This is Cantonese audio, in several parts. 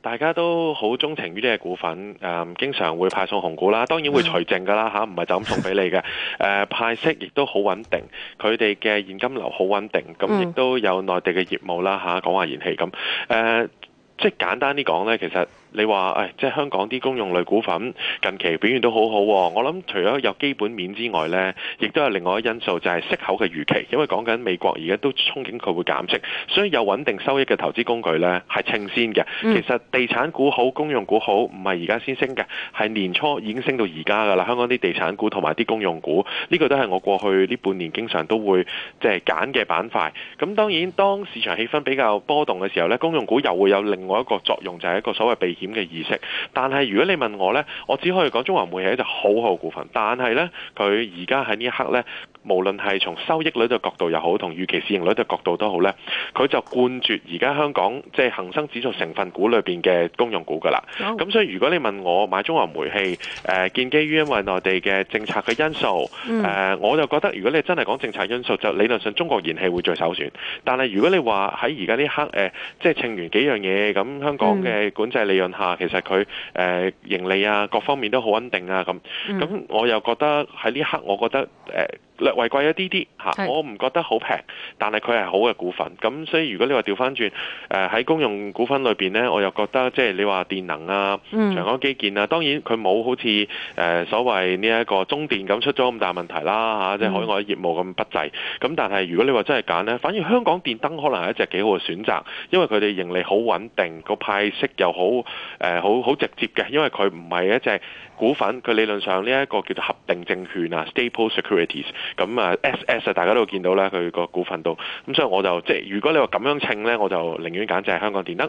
大家都好鍾情於呢啲股份，經、嗯、經常會派送紅股啦，當然會除淨噶啦吓，唔、啊、係就咁送俾你嘅、啊。派息亦都好穩定，佢哋嘅現金流好穩定，咁、啊、亦都有內地嘅業務啦吓、啊，講話燃氣咁。即係簡單啲講呢，其實。你話誒、哎，即係香港啲公用類股份近期表現都好好、哦。我諗除咗有基本面之外呢，亦都有另外一個因素就係息口嘅預期，因為講緊美國而家都憧憬佢會減息，所以有穩定收益嘅投資工具呢係清先嘅。其實地產股好、公用股好，唔係而家先升嘅，係年初已經升到而家噶啦。香港啲地產股同埋啲公用股呢、呢個都係我過去呢半年經常都會即係揀嘅板塊。咁當然當市場氣氛比較波動嘅時候呢，公用股又會有另外一個作用，就係、是、一個所謂避險嘅意識，但係如果你問我咧，我只可以講中華煤氣係一隻好好嘅股份，但係咧佢而家喺呢在在一刻咧。無論係從收益率嘅角度又好，同預期市盈率嘅角度都好呢，佢就冠絕而家香港即係恒生指數成分股裏面嘅公用股噶啦。咁、oh. 所以如果你問我買中華煤氣，誒、呃、建基於因為內地嘅政策嘅因素，誒、mm. 呃、我就覺得如果你真係講政策因素，就理論上中國燃氣會最首選。但係如果你話喺而家呢刻，即係清完幾樣嘢，咁香港嘅管制利潤下，mm. 其實佢誒、呃、盈利啊各方面都好穩定啊咁。咁、mm. 我又覺得喺呢刻，我覺得誒。呃略為貴一啲啲是我唔覺得好平，但係佢係好嘅股份。咁所以如果你話調翻轉，誒喺公用股份裏面呢，我又覺得即係你話電能啊、長江基建啊，嗯、當然佢冇好似誒、呃、所謂呢一個中電咁出咗咁大問題啦，即係、啊就是、海外業務咁不濟。咁、嗯、但係如果你話真係揀呢，反而香港電燈可能係一隻幾好嘅選擇，因為佢哋盈利好穩定，個派息又好誒好好直接嘅，因為佢唔係一隻。股份佢理論上呢一個叫做合訂證券啊，Staple Securities，咁啊，SS 啊，大家都會見到啦，佢個股份度，咁所以我就即係如果你話咁樣稱呢，我就寧願揀就係香港電燈。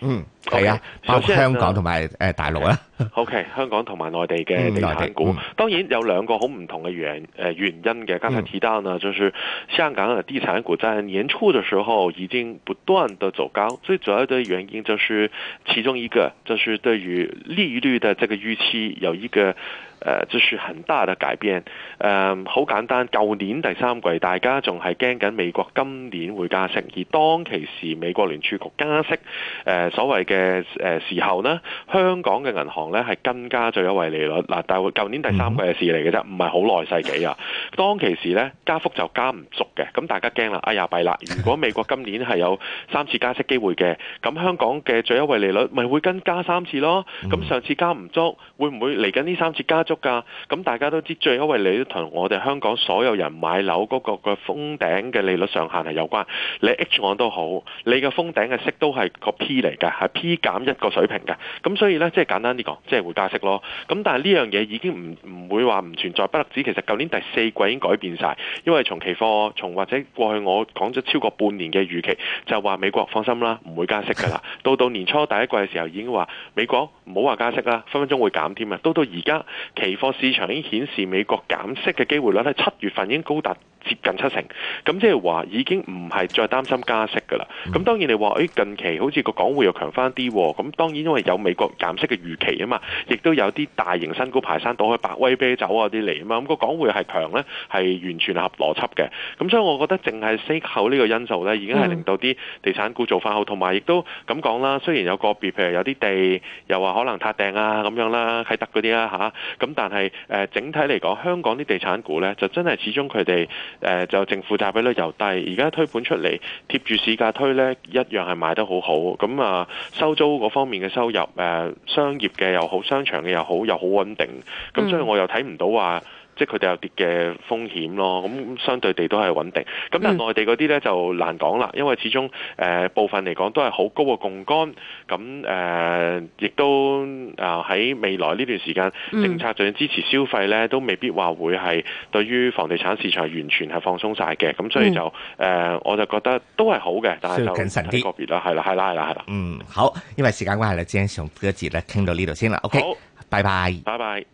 嗯，係啊，okay, 包括香港同埋誒大陸啊 O K，香港同埋內地嘅地產股，嗯嗯、當然有兩個好唔同嘅原誒原因嘅。剛、呃、才提到呢，就是香港嘅地產股在年初嘅時候已經不斷的走高，最主要的原因就是其中一個就是對於利率的這個預期有一個誒、呃，就是很大的改變。嗯、呃，好簡單，舊年第三季大家仲係驚緊美國今年會加息，而當其時美國聯儲局加息誒。呃所謂嘅誒、呃、時候呢，香港嘅銀行呢係跟加最優惠利率。嗱、啊，但係舊年第三季嘅事嚟嘅啫，唔係好耐世紀啊。當其時呢，加幅就加唔足嘅，咁大家驚啦。哎呀弊啦！如果美國今年係有三次加息機會嘅，咁香港嘅最優惠利率咪會跟加三次咯？咁上次加唔足，會唔會嚟緊呢三次加足㗎？咁大家都知道最優惠利率同我哋香港所有人買樓嗰個個封頂嘅利率上限係有關。你 H 按都好，你嘅封頂嘅息都係個 P 嚟。係 P 減一個水平嘅，咁所以呢，即係簡單啲講，即係會加息咯。咁但係呢樣嘢已經唔唔會話唔存在，不特止。其實舊年第四季已經改變晒，因為從期貨，從或者過去我講咗超過半年嘅預期，就話美國放心啦，唔會加息㗎啦。到到年初第一季嘅時候已經話美國唔好話加息啦，分分鐘會減添啊。到到而家期貨市場已經顯示美國減息嘅機會率喺七月份已經高達接近七成，咁即係話已經唔係再擔心加息㗎啦。咁當然你話，誒、哎、近期好似個港匯又強翻啲，咁當然因為有美國減息嘅預期啊嘛，亦都有啲大型新股排山倒海，百威啤酒嗰啲嚟啊嘛，咁個港匯係強呢，係完全合邏輯嘅。咁所以我覺得淨係息口呢個因素呢，已經係令到啲地產股做翻好，同埋亦都咁講啦。雖然有個別譬如有啲地又話可能撻訂啊咁樣啦，啟德嗰啲啦吓，咁但係、呃、整體嚟講，香港啲地產股呢，就真係始終佢哋。誒、呃、就淨負債比率又低，而家推盤出嚟貼住市價推呢一樣係賣得好好。咁啊，收租嗰方面嘅收入，啊、商業嘅又好，商場嘅又好，又好穩定。咁所以我又睇唔到話。嗯即係佢哋有啲嘅風險咯，咁相對地都係穩定。咁但係內地嗰啲咧就難講啦，嗯、因為始終誒、呃、部分嚟講都係好高嘅槓桿，咁誒亦都啊喺未來呢段時間政策要支持消費咧，都未必話會係對於房地產市場完全係放鬆晒嘅。咁、嗯、所以就誒、呃，我就覺得都係好嘅，但係就謹慎啲個別啦。係啦，係啦，係啦，係啦。嗯，好，因為時間關係啦，今日上個節咧傾到呢度先啦。OK，好拜拜，拜拜。